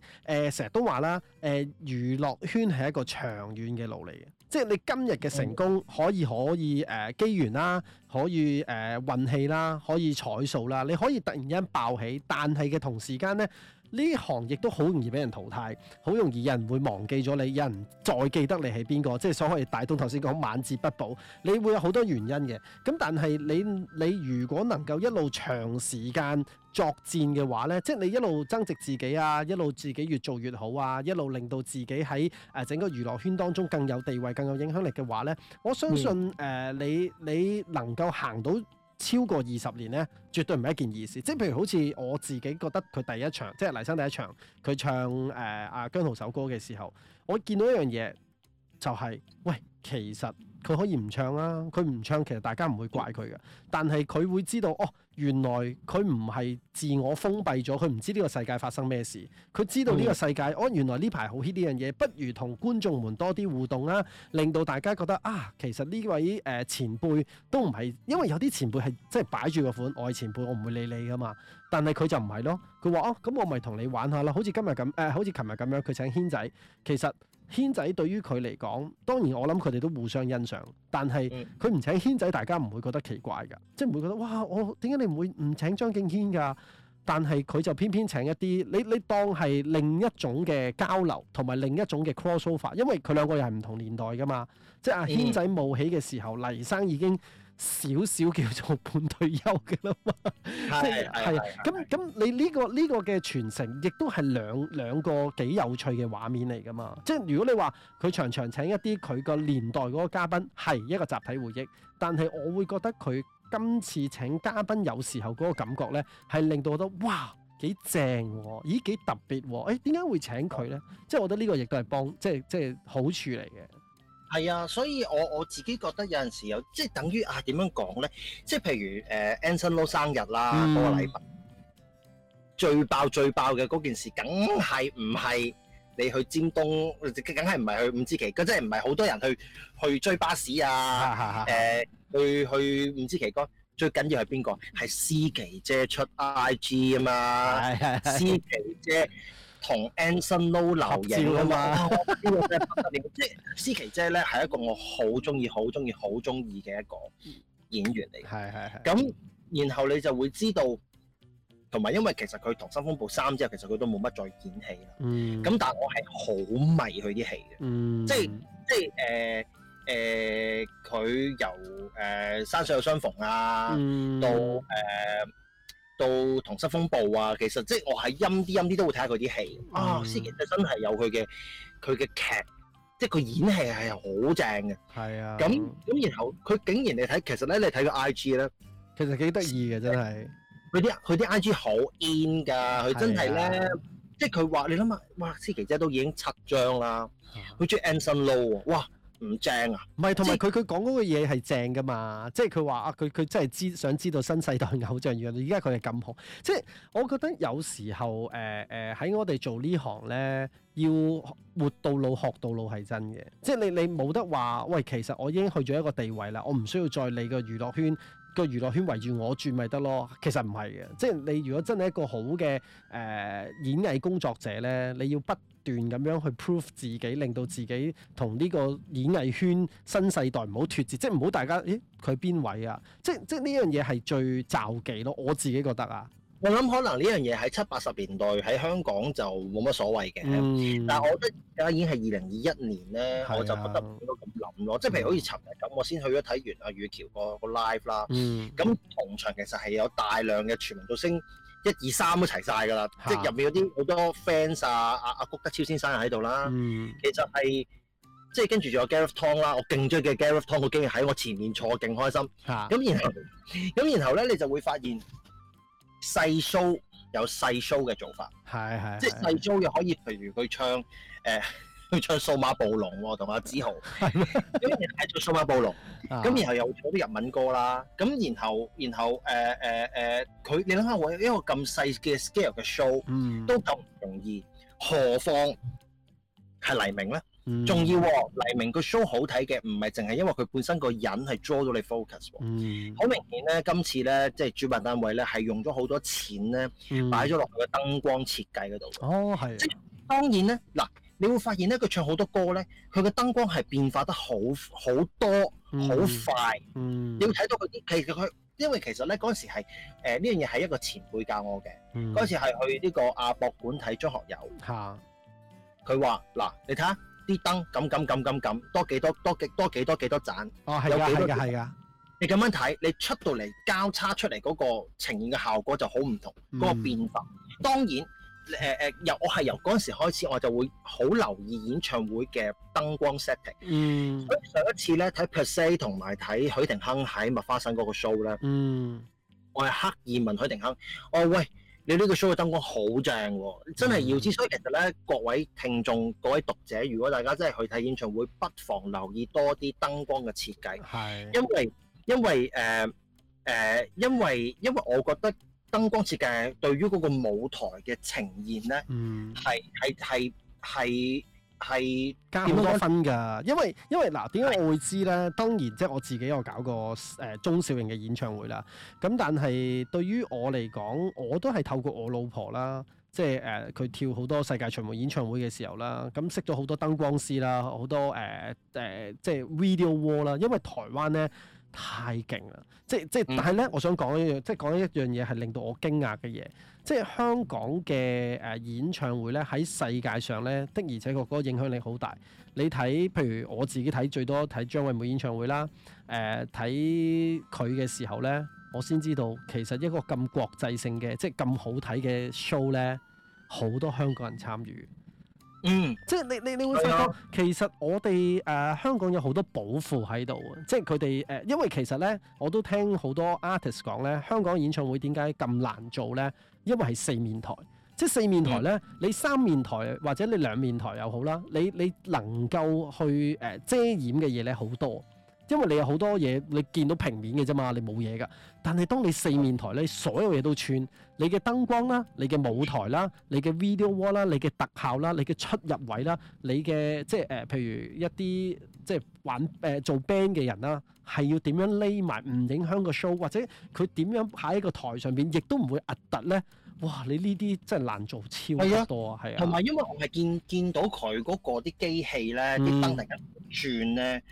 Speaker 2: 誒成日都話啦，誒娛樂圈係一個長遠嘅路嚟嘅，即係你今日嘅成功可以可以誒機緣啦，可以誒運氣啦，可以彩數啦，你可以突然間爆起，但係嘅同時間咧。呢行亦都好容易俾人淘汰，好容易有人會忘記咗你，有人再記得你係邊個，即係所謂大東頭先講晚節不保，你會有好多原因嘅。咁但係你你如果能夠一路長時間作戰嘅話呢，即係你一路增值自己啊，一路自己越做越好啊，一路令到自己喺誒整個娛樂圈當中更有地位、更有影響力嘅話呢，我相信誒、嗯呃、你你能夠行到。超過二十年咧，絕對唔係一件易事。即係譬如好似我自己覺得佢第一場，即係黎生第一場，佢唱誒阿、呃啊、姜濤首歌嘅時候，我見到一樣嘢就係、是，喂，其實。佢可以唔唱啦、啊，佢唔唱，其實大家唔會怪佢嘅。但係佢會知道哦，原來佢唔係自我封閉咗，佢唔知呢個世界發生咩事。佢知道呢個世界、嗯、哦，原來呢排好 hit 呢樣嘢，不如同觀眾們多啲互動啦、啊，令到大家覺得啊，其實呢位誒、呃、前輩都唔係，因為有啲前輩係即係擺住個款，我前輩，我唔會理你㗎嘛。但係佢就唔係咯，佢話哦，咁我咪同你玩下啦，好似今日咁誒，好似琴日咁樣，佢請軒仔，其實。軒仔對於佢嚟講，當然我諗佢哋都互相欣賞，但係佢唔請軒仔，大家唔會覺得奇怪㗎，即係唔會覺得哇，我點解你唔會唔請張敬軒㗎？但係佢就偏偏請一啲，你你當係另一種嘅交流同埋另一種嘅 crossover，因為佢兩個又係唔同年代㗎嘛，即係阿軒仔冒起嘅時候，黎生已經。少少叫做半退休嘅啦嘛，即係係啊，咁咁、啊啊啊啊、你呢、呢個呢、呢個嘅傳承，亦都係兩兩個幾有趣嘅畫面嚟㗎嘛。即係如果你話佢常常請一啲佢個年代嗰個嘉賓，係一個集體回憶。但係我會覺得佢今次請嘉賓有時候嗰個感覺咧，係令到我覺得哇幾正喎、啊，咦幾特別喎、啊，誒點解會請佢咧？即係我覺得呢個亦都係幫，即係即係好處嚟嘅。
Speaker 1: 係啊，所以我我自己覺得有陣時又即係等於啊點樣講咧？即係、啊、譬如誒、呃、Anson Lo 生日啦，嗰、嗯、個禮品最爆最爆嘅嗰件事，梗係唔係你去尖東，梗係唔係去五支旗，佢真係唔係好多人去去追巴士啊！誒、 呃，去去五支旗杆最緊要係邊個？係司琪姐出 IG 啊嘛，係司琪姐。同 Anson Lo 留影啊嘛，呢照、啊、 個真係拍得靚。即係思琪姐咧，係一個我好中意、好中意、好中意嘅一個演員嚟嘅。係係係。咁 然後你就會知道，同埋因為其實佢《溏心風暴三》之後，其實佢都冇乜再演戲啦。
Speaker 2: 嗯。咁但
Speaker 1: 係我係好迷佢啲戲
Speaker 2: 嘅。嗯。即
Speaker 1: 係即係誒誒，佢、呃呃、由誒、呃、山水有相逢啊，嗯、到誒。呃到《溏心風暴》啊，其實即係我係陰啲陰啲都會睇下佢啲戲。嗯、啊，司棋姐真係有佢嘅佢嘅劇，即係佢演戲係好正嘅。係啊、嗯。咁咁，然後佢竟然你睇，其實咧你睇佢 I G 咧，其實幾得意嘅真係。佢啲佢啲 I G 好 in 㗎，佢真係咧，啊、即係佢話你諗下，哇！司棋姐都已經七張啦，佢中意 Anson Lo 哇。唔正
Speaker 2: 啊！唔係，同埋佢佢講嗰個嘢係正噶嘛，即係佢話啊，佢佢真係知想知道新世代偶像如何。而家佢係咁好，即係我覺得有時候誒誒喺我哋做行呢行咧，要活到老學到老係真嘅。即係你你冇得話喂，其實我已經去咗一個地位啦，我唔需要再你個娛樂圈個娛樂圈圍住我轉咪得咯。其實唔係嘅，即係你如果真係一個好嘅誒、呃、演藝工作者咧，你要不段咁樣去 prove 自己，令到自己同呢個演藝圈新世代唔好脫節，即係唔好大家，咦佢邊位啊？即係即係呢樣嘢係最詐忌咯，我自己覺得啊。我諗可能呢樣嘢喺七八十
Speaker 1: 年代喺香港就冇乜所謂
Speaker 2: 嘅，嗯、但係我覺得
Speaker 1: 而家已經係二零二一年咧，啊、我就覺得不得不應該咁諗咯。即係、嗯、譬如好似尋日咁，我先去咗睇完阿雨橋個個 live 啦，咁、嗯、同場其實係有大量嘅全民造星。一二三都齊晒㗎啦，啊、即係入面有啲好多 fans 啊，阿、啊、阿、啊、谷德超先生喺度啦，嗯、其實係即係跟住仲有 Gary Tong 啦，我勁追嘅 Gary Tong，個經理喺我前面坐，勁開心。咁、啊、然後咁、嗯、然後咧，你就會發現細 show 有細 show 嘅做法，係係，即係細 show 又可以，譬如佢唱誒。呃佢唱《數碼暴龍》喎，同阿子豪，咁然後係唱《數碼暴龍》，
Speaker 2: 咁然後
Speaker 1: 又唱啲日文歌啦。咁然後，然後誒誒誒，佢、呃呃、你諗下，為一個咁細嘅 scale 嘅 show，嗯、都咁唔容易，何況係黎明咧？嗯、
Speaker 2: 重要喎、哦，
Speaker 1: 黎明個 show 好睇嘅，唔係淨係因為佢本身個人係 draw 到你 focus。好、
Speaker 2: 嗯、
Speaker 1: 明顯咧，今次咧即係主辦單位咧係用咗好多錢咧，擺咗落去嘅燈光設計嗰度。哦，係。即係當然咧，嗱。你會發現咧，佢唱好多歌咧，佢嘅燈光係變化得好好多、好、嗯、快。嗯，你會睇到佢啲。其實佢因為其實咧嗰陣時係誒呢樣嘢係一個前輩教我嘅。嗯，嗰陣時係去呢個亞博館睇張學友。嚇、啊，佢話：嗱，你睇下啲燈，咁咁咁咁咁，多幾多，多多幾多幾多幾多盞。哦，係㗎，有幾多，係㗎，係㗎。你咁樣睇，你出到嚟交叉出嚟嗰個呈現嘅效果就好唔同，嗰個變化。當然。誒誒、呃呃，由我係由嗰陣時開始，我就會好留意演唱會嘅燈光 setting。嗯，咁上一次咧睇 per se 同埋睇許廷鏗喺麥花臣嗰個 show 咧，
Speaker 2: 嗯，
Speaker 1: 我係刻意問許廷鏗，我話喂，你呢個 show 嘅燈光好正喎，真係。要知道、嗯、所以其實咧，各位聽眾、各位讀者，如果大家真係去睇演唱會，不妨留意多啲燈光嘅設計。係的。因為因為誒誒，因為因為，因為我覺得。燈光設計對於嗰個舞台嘅呈現咧，係係係係係加好多分
Speaker 2: 㗎為？因為因是為嗱，點解我會知咧？當然即係、就是、我自己有搞過誒、呃、中小型嘅演唱會啦。咁但係對於我嚟講，我都係透過我老婆啦，即係誒佢跳好多世界巡迴演唱會嘅時候啦，咁、嗯、識咗好多燈光師啦，好多誒誒、呃呃、即係 video wall 啦。因為台灣咧。太勁啦！即即，但係咧，嗯、我想講一樣，即講一樣嘢係令到我驚訝嘅嘢，即香港嘅誒演唱會咧，喺世界上咧的而且確嗰個影響力好大。你睇，譬如我自己睇最多睇張惠妹演唱會啦，誒睇佢嘅時候咧，我先知道其實一個咁國際性嘅，即咁好睇嘅 show 咧，好多香港人參與。嗯，即係你你你會發覺，其實我哋誒、呃、香港有好多保護喺度啊！即係佢哋誒因為其實咧，我都聽好多 artist 講咧，香港演唱會點解咁難做咧？因為係四面台，即係四面台咧，嗯、你三面台或者你兩面台又好啦，你你能夠去誒、呃、遮掩嘅嘢咧好多。因為你有好多嘢，你見到平面嘅啫嘛，你冇嘢㗎。但係當你四面台咧，你所有嘢都串，你嘅燈光啦，你嘅舞台啦，你嘅 video wall 啦，你嘅特效啦，你嘅出入位啦，你嘅即係誒、呃，譬如一啲即係玩誒、呃、做 band 嘅人啦，係要點樣匿埋唔影響個 show，或者佢點樣喺個台上邊，亦都唔會壓突咧。哇！你呢啲真係難做超多啊，係啊。同埋
Speaker 1: 因為我係見見到佢嗰個啲機器咧，啲燈突然轉咧。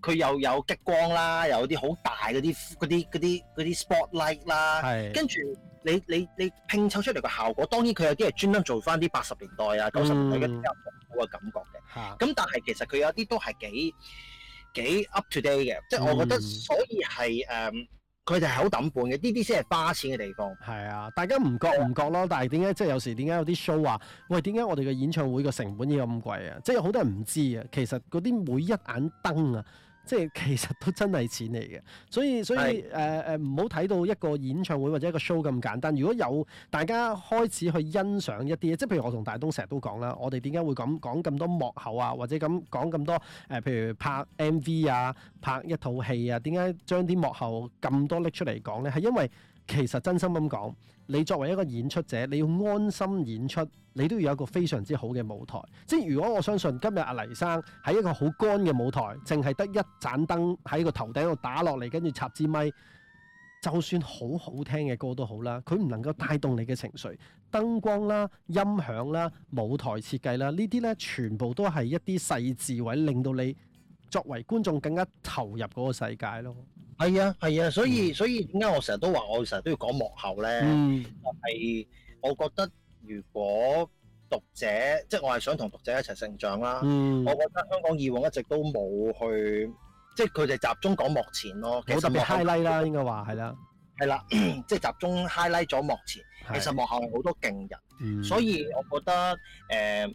Speaker 1: 佢又有激光啦，又有啲好大嗰啲嗰啲嗰啲啲 spotlight 啦，是的 跟住你你你拼湊出嚟嘅效果，當然佢有啲係專登做翻啲八十年代啊九十年代嘅、啊嗯、好嘅感覺嘅。咁是的 但係其實佢有啲都係幾幾 up to date 嘅，即係、嗯、我覺得所以係誒，
Speaker 2: 佢哋係好抌本嘅，呢啲先係花錢嘅地方。係啊，大家唔覺唔覺咯？是的 但係點解即係有時點解有啲 show 啊？喂點解我哋嘅演唱會個成本要咁貴啊？即係有好多人唔知啊，其實嗰啲每一眼燈啊～即係其實都真係錢嚟嘅，所以所以誒誒唔好睇到一個演唱會或者一個 show 咁簡單。如果有大家開始去欣賞一啲嘢，即係譬如我同大東成日都講啦，我哋點解會咁講咁多幕後啊，或者咁講咁多誒、呃，譬如拍 MV 啊、拍一套戲啊，點解將啲幕後咁多拎出嚟講咧？係因為其實真心咁講。你作為一個演出者，你要安心演出，你都要有一個非常之好嘅舞台。即係如果我相信今日阿黎生喺一個好乾嘅舞台，淨係得一盞燈喺個頭頂度打落嚟，跟住插支咪，就算好好聽嘅歌都好啦，佢唔能夠帶動你嘅情緒。燈光啦、音響啦、舞台設計啦，呢啲咧全部都係一啲細緻位令到你作為觀眾更加投入嗰個世界咯，係啊，係啊，所以、嗯、所以點解我成日都話我成日都要講幕後咧？就係、嗯、我覺得
Speaker 1: 如果讀者，即係我係想同讀者一齊成長啦。嗯、我覺得香港以往一直都冇去，即係佢哋集中講幕前咯，其實特別 highlight 啦，
Speaker 2: 應該話係啦，
Speaker 1: 係啦， 即係集中 highlight 咗幕前，的其實幕後好多勁人，嗯、所以我覺得誒。呃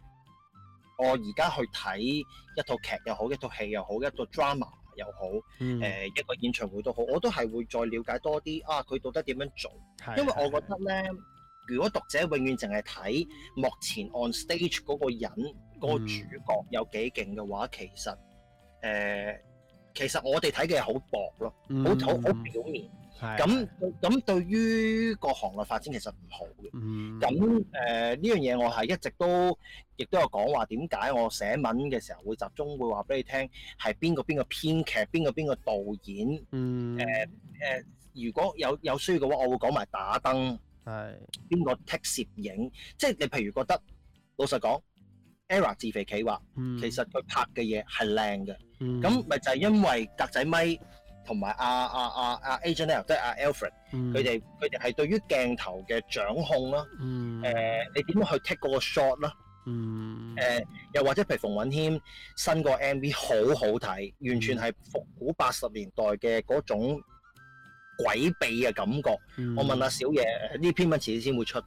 Speaker 1: 我而家去睇一套劇又好，一套戲又好，一個 drama 又好，誒、嗯呃、一個演唱會都好，我都係會再了解多啲啊！佢到底點樣做？因為我覺得呢，嗯嗯、如果讀者永遠淨係睇目前 on stage 嗰個人嗰、嗰個主角有幾勁嘅話，其實誒、呃、其實我哋睇嘅係好薄咯，好好好表面。嗯嗯嗯咁咁、嗯、對於個行內發展其實唔好嘅，咁誒呢樣嘢我係一直都亦都有講話點解我寫文嘅時候會集中會話俾你聽係邊個邊個編劇，邊個邊個導演，誒誒、嗯呃呃，如果有有需要嘅話，我會講埋打燈，係邊個剔 a 攝影，即係你譬如覺得老實講，ERA 自肥企劃、嗯、其實佢拍嘅嘢係靚嘅，咁咪、嗯、就係因為格仔咪。同埋阿阿阿阿 agent 咧，即係阿 Alfred，佢哋佢哋係對於鏡頭嘅掌控啦。誒，你點樣去 take 嗰個 shot 啦？誒，又或者譬如馮允謙新個 MV 好好睇，完全係復古八十年代嘅嗰種詭秘嘅感覺。我問阿小爺呢篇文遲先會出，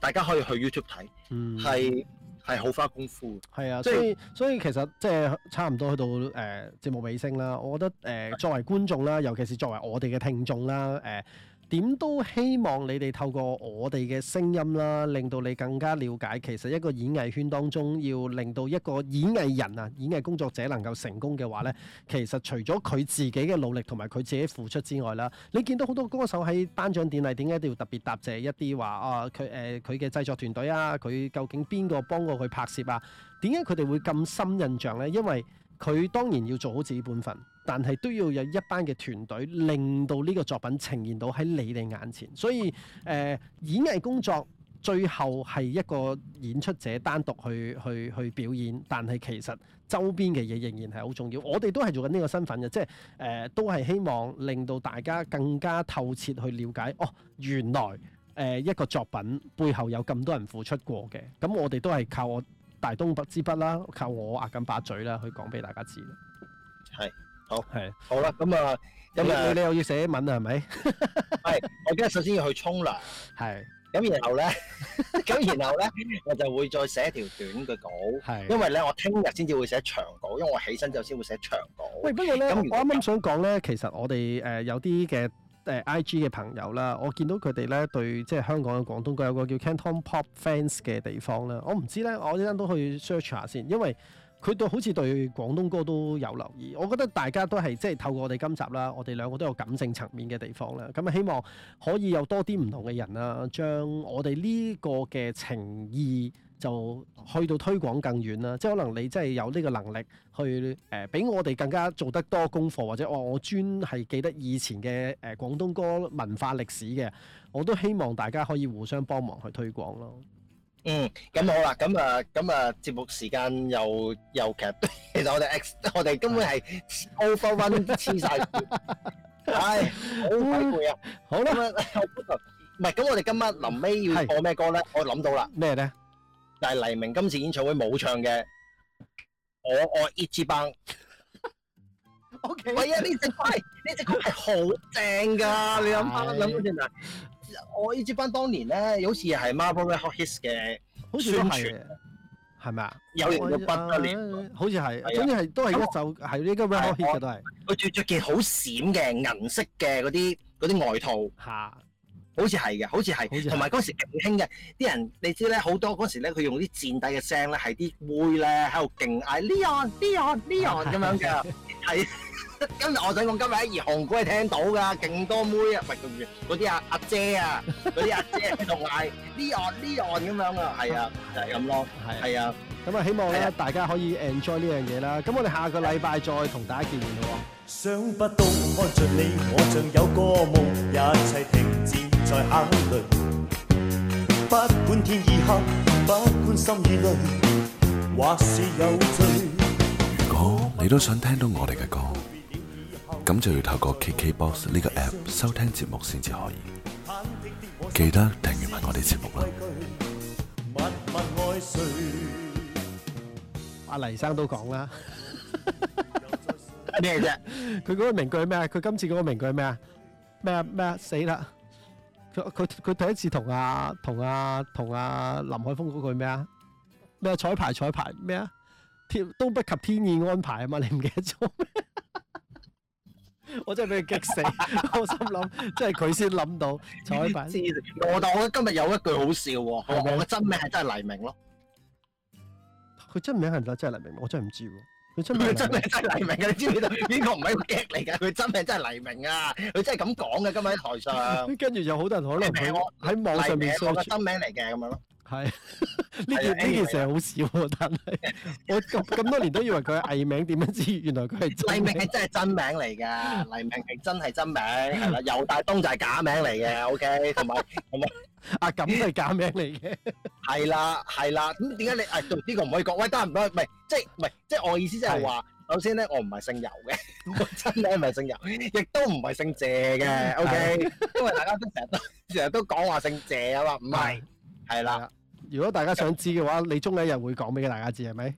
Speaker 1: 大家可以去 YouTube 睇，係。係好花功夫，係啊！所以
Speaker 2: 所以其實即係差唔多去到誒、呃、節目尾聲啦。我覺得誒、呃、作為觀眾啦，尤其是作為我哋嘅聽眾啦，誒、呃。點都希望你哋透過我哋嘅聲音啦，令到你更加了解其實一個演藝圈當中，要令到一個演藝人啊、演藝工作者能夠成功嘅話呢，其實除咗佢自己嘅努力同埋佢自己付出之外啦，你見到好多歌手喺頒獎典禮點解一定要特別答謝一啲話啊佢誒佢嘅製作團隊啊，佢究竟邊個幫過佢拍攝啊？點解佢哋會咁深印象呢？因為佢當然要做好自己本分。但係都要有一班嘅團隊，令到呢個作品呈現到喺你哋眼前。所以誒、呃，演藝工作最後係一個演出者單獨去去去表演，但係其實周邊嘅嘢仍然係好重要。我哋都係做緊呢個身份嘅，即係誒、呃、都係希望令到大家更加透徹去了解。哦，原來誒、呃、一個作品背後有咁多人付出過嘅。咁我哋都係靠我大東北支筆啦，靠我壓緊把嘴啦，去講俾大家知。
Speaker 1: 係。好
Speaker 2: 好啦，咁啊，咁啊，你又要寫文啊，係咪？
Speaker 1: 係，我今日首先要去沖涼。係。咁然後咧，咁然後咧，我就會再寫一條短嘅稿。係。因為咧，我聽日先至會寫長稿，因為我起身之後先會寫長稿。
Speaker 2: 喂，不過咧，咁我啱啱想講咧，其實我哋誒有啲嘅誒 IG 嘅朋友啦，我見到佢哋咧對即係香港嘅廣東歌有個叫 Canton Pop Fans 嘅地方咧，我唔知咧，我一陣都去 search 下先，因為。佢對好似對廣東歌都有留意，我覺得大家都係即係透過我哋今集啦，我哋兩個都有感性層面嘅地方啦。咁啊，希望可以有多啲唔同嘅人啦、啊，將我哋呢個嘅情意就去到推廣更遠啦。即係可能你真係有呢個能力去誒、呃，比我哋更加做得多功課，或者我我專係記得以前嘅誒、呃、廣東歌文化歷史嘅，我都希望大家可以互相幫忙去推廣咯。
Speaker 1: 嗯，咁好啦，咁啊，咁啊，節目時間又又劇，其實我哋 X，我哋根本係 over run 黐曬，係好鬼攰啊！好啦，唔係咁，我哋今晚臨尾要播咩歌咧？我諗到啦，咩咧？就係黎明今次演唱會冇唱嘅，我愛 Ichi ban。OK，喂啊，呢隻，喂，呢隻歌係好正㗎，你諗下諗多啲先啊！我呢支班當年咧，好似係 Marble Red Hot Hits 嘅宣傳，
Speaker 2: 係咪啊？有型要畢嗰年，這個、好似係，哎、呀總之係都係一
Speaker 1: 組，係呢我個 Red Hot 嘅都係。佢着著件好閃嘅銀色嘅嗰啲啲外套，嚇的，好似係嘅，好似係，同埋嗰時勁興嘅啲人，你知咧好多嗰時咧，佢用啲戰底嘅聲咧，係啲灰咧喺度勁嗌 Leon Leon Leon 咁樣嘅，係。今日我想講今日喺紅館聽到噶，勁多妹啊，唔係嗰啲阿阿姐啊，嗰啲阿姐同埋 Leon Leon 咁樣啊，
Speaker 2: 係啊，就係咁咯，係啊，咁啊希望咧大家可以 enjoy 呢樣嘢啦，咁我哋下個禮拜再同大家見面咯。想不到看著你，我像有個夢，一切停止在考慮，不管天已黑，不管心已累，或是有罪，如果
Speaker 1: 你都想聽到我哋嘅歌，咁就要透過 KKBox 呢個 app 收聽節目先至可以，記得訂閱埋我哋節目啦。
Speaker 2: 阿黎生都講啦，咩啫？佢嗰個名句係咩啊？佢今次嗰個名句係咩啊？咩啊咩啊死啦！佢佢佢第一次同阿同阿同阿林海峰嗰句咩啊？咩彩排彩排咩啊？天都不及天意安排啊嘛！你唔記得咗咩？我真係俾佢激死，我心諗，即係佢先諗到彩品。 我但係我覺得今日有一句好笑
Speaker 1: 喎，喔，王嘅嗎真名係真係黎明
Speaker 2: 咯。佢真名係真係黎明，我真係唔知喎。佢真名真係黎明嘅，你知唔知道？邊個唔係個劇
Speaker 1: 嚟㗎？佢真名真係黎明啊！佢真係咁講嘅，今日喺台上。
Speaker 2: 跟住有好多人可能喺網上面 source 真
Speaker 1: 名嚟嘅，咁樣咯。
Speaker 2: 係呢件呢件事係好少，但係我咁咁多年都以為佢係藝名，點樣知原來佢係真名。藝名
Speaker 1: 係真係真名嚟噶，黎明係真係真名。係啦，游大東就係假名嚟嘅，OK。同埋同埋阿錦係假名嚟嘅，係啦係啦。咁點解你誒？呢個唔可以講。喂，得唔得？唔係，即係唔係，即係我嘅意思即係話，首先咧，我唔係姓游嘅，個真名唔係姓游，亦都唔係姓謝嘅，OK。因為大家都成日都成日都講話姓謝啊嘛，唔係係啦。
Speaker 2: 如果大家想知嘅話，你終有一日會講俾大家知係咪？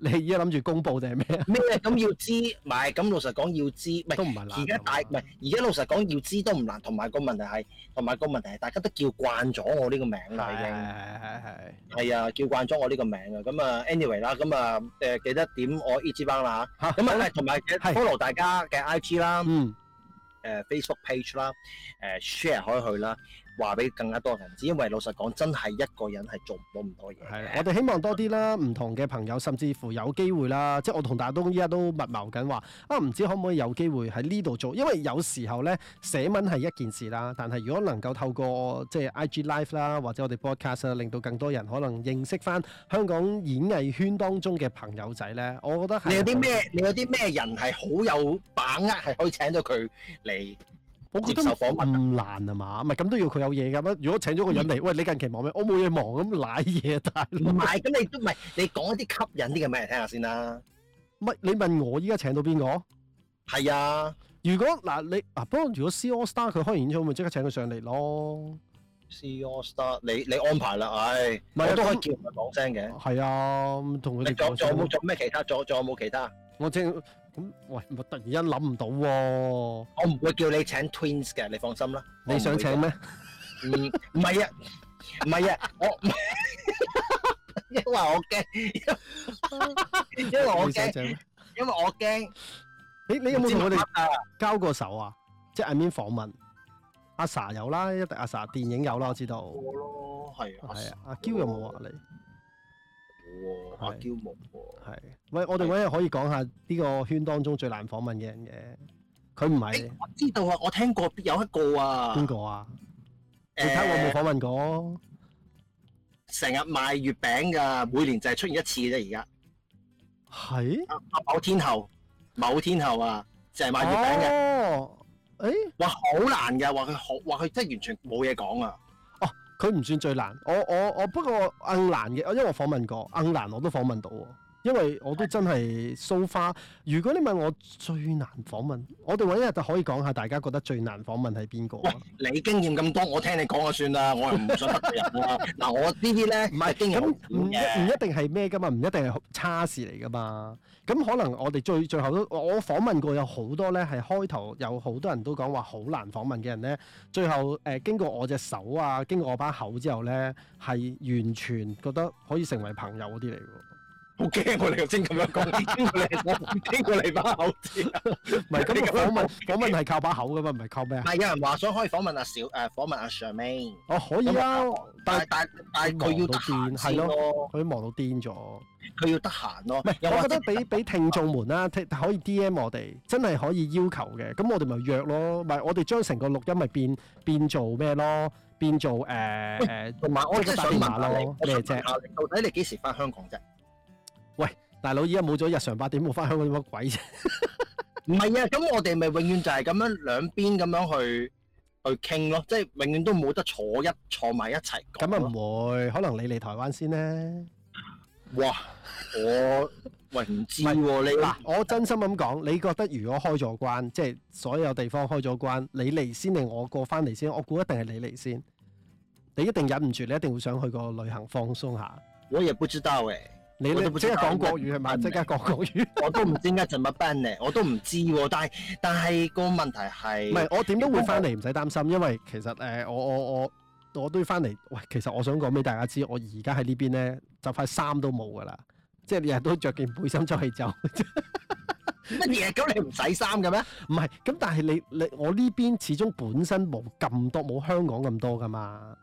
Speaker 2: 你而家諗住公佈定係咩啊？咩？咁要知，唔係咁老實講要知，都唔係而家大唔係而家老實講要知都唔難。同
Speaker 1: 埋個問題係，同埋個問題係，大家都叫慣咗我呢個名啦，已經係係係係係啊！叫慣咗我呢個名啊！咁啊，anyway 啦，咁啊誒記得點我 EasyBang 啦嚇，咁啊同埋 follow 大家嘅 IG 啦，誒 Facebook page 啦，誒 share 開去啦。話俾更加多人知，因為老實講，真係一個人係做唔到咁多嘢。
Speaker 2: 係啦，我哋希望多啲啦，唔同嘅朋友，甚至乎有機會啦，即係我同大東依家都密謀緊話，啊唔知可唔可以有機會喺呢度做？因為有時候咧寫文係一件事啦，但係如果能夠透過即係 IG Live 啦，或者我哋 Broadcast 啊，令到更多人可能認識翻香港演藝圈當中嘅朋友仔咧，我覺得係你有啲咩？你有啲咩人係好有把握係可以請到佢嚟？我覺得受訪唔難係嘛，唔係咁都要佢有嘢㗎乜？如果請咗個人嚟，喂你近期忙咩？我冇嘢忙咁瀨嘢，大佬。唔 係，咁你都唔係你講一啲吸引啲嘅咩嚟聽下先啦。乜？你問我依家請到邊個？係啊，如果嗱你啊，不過如果 C AllStar 佢開演唱會咪即刻請佢上嚟咯。
Speaker 1: C AllStar，你你安排啦，唉、哎，唔、啊、都可以叫佢係講聲嘅。
Speaker 2: 係啊，同佢哋講聲。仲有冇
Speaker 1: 做咩其他？仲仲有冇其他？
Speaker 2: 我正。咁喂，我突然間諗唔到喎。我唔會
Speaker 1: 叫你請 Twins 嘅，你放心啦。你想請咩？唔唔係啊，唔係啊，我因為我驚，因為我想請，因為我驚。
Speaker 2: 你你有冇同我哋交過手啊？即係 I mean 訪問阿 sa 有啦，一定阿 sa 電影有啦，我知道。我咯係啊，係啊，阿嬌有冇話你？
Speaker 1: 哇！驕傲喎，
Speaker 2: 的喂，的我哋搵可以講下呢個圈當中最難訪問嘅人嘅，佢唔係。我知道啊，我聽過有一個啊。邊個啊？呃、你睇我冇訪問過。成日賣
Speaker 1: 月餅㗎，每年就係出現一次啫。而家係。阿是某天后，某天后啊，成日賣月餅嘅。哦、啊。
Speaker 2: 誒、欸，
Speaker 1: 哇！好難㗎，話佢好，話佢真係完全冇嘢講啊。
Speaker 2: 佢唔算最難，我我，我不過硬難嘅，因為我訪問過硬、嗯、難我都訪問到喎、哦。因為我都真係 so far。如果你問我最難訪問，我哋揾一日就可以講下，大家覺得最難訪問係邊個？喂，
Speaker 1: 你經驗咁多，我聽你講就算啦。我係唔想得罪人啦。嗱 ，
Speaker 2: 我呢啲咧唔係經驗唔嘅，唔一定係咩噶嘛，唔一定係差事嚟噶嘛。咁可能我哋最最後都我訪問過有好多咧，係開頭有好多人都講話好難訪問嘅人咧，最後誒、呃、經過我隻手啊，經過我把口之後咧，係完全覺得可以成為朋友嗰啲嚟㗎。好驚！我你又精咁樣講，聽過我聽過你把口字唔係咁訪問訪問係靠把口噶嘛，唔係靠咩啊？係有人話想可以
Speaker 1: 訪問阿小誒，訪問阿 s h i
Speaker 2: r 哦，可以啊，但
Speaker 1: 係但但係佢要閒先咯，
Speaker 2: 佢忙到癲咗，佢要得
Speaker 1: 閒咯。我覺得
Speaker 2: 俾俾聽眾們啦，聽可以 D M 我哋真係可以要求嘅，咁我哋咪約咯，咪，我哋將成個錄音咪變變做咩咯？變做誒誒同埋我哋想問下你，咩啫？到底你幾時翻香港啫？喂，大佬，依家冇咗日常八點冇翻香港啲乜鬼啫？唔 係啊，咁我哋咪永遠就係咁樣兩邊咁樣去去
Speaker 1: 傾咯，即係永遠都冇得坐一坐埋一齊
Speaker 2: 講。咁啊唔會，可能你嚟台灣先咧。
Speaker 1: 哇，我喂唔知 是你嗱，
Speaker 2: 啦我真心咁講，你覺得如果開咗關，即係所有地方開咗關，你嚟先定我過翻嚟先？我估一定係你嚟先，你一定忍唔住，你一定會想去個旅行放鬆下。
Speaker 1: 我也不知道誒。
Speaker 2: 你咧即刻講國語係咪？即刻講國語。我都唔知點解就乜
Speaker 1: band 我都唔知喎、啊。但係但係個問題係，唔係我點都會
Speaker 2: 翻嚟，唔使擔心。因為其實誒，我我我我都要翻嚟。喂，其實我想講俾大家知，我而家喺呢邊咧，就塊衫都冇噶啦，即係日日都着件背心出去走。乜 嘢？咁你唔使衫嘅咩？唔係。咁但係你你我呢邊始終本身冇咁多，冇香港咁多噶嘛。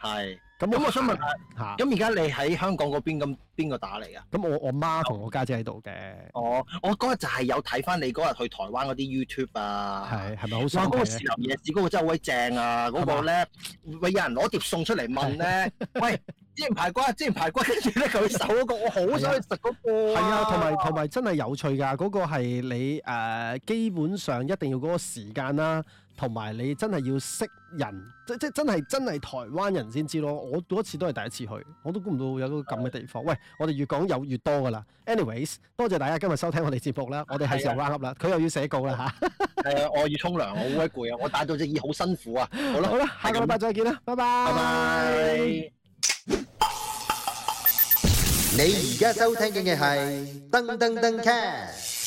Speaker 1: 係，咁我想問下，咁而家你喺香港嗰邊咁邊個打嚟㗎？咁我我媽同我家姐喺度嘅。哦，我嗰日就係有睇翻你嗰日去台灣嗰啲 YouTube 啊，
Speaker 2: 係係咪好新？哇，嗰個士林夜
Speaker 1: 市嗰個真係好鬼正啊！嗰個咧，喂，有人攞碟送出嚟問咧，是是喂，之前排骨，之前
Speaker 2: 排骨跟住咧佢手嗰個，我好想去食嗰個。係啊，同埋同埋真係有趣噶，嗰個係你誒基本上一定要嗰個時間啦。同埋你真係要識人，即即真係真係台灣人先知咯。我嗰次都係第一次去，我都估唔到有個咁嘅地方。喂，我哋越講有越多噶啦。Anyways，多謝大家今日收聽我哋節目啦。的我哋係時候關 Hub 啦，佢的又要寫稿啦吓，係啊的
Speaker 1: 我要沖涼，我好鬼攰啊，我帶到隻耳好辛苦啊。好啦好啦吧，下個禮拜再見啦，拜拜。拜拜 bye。你而家收聽緊嘅係登登登 c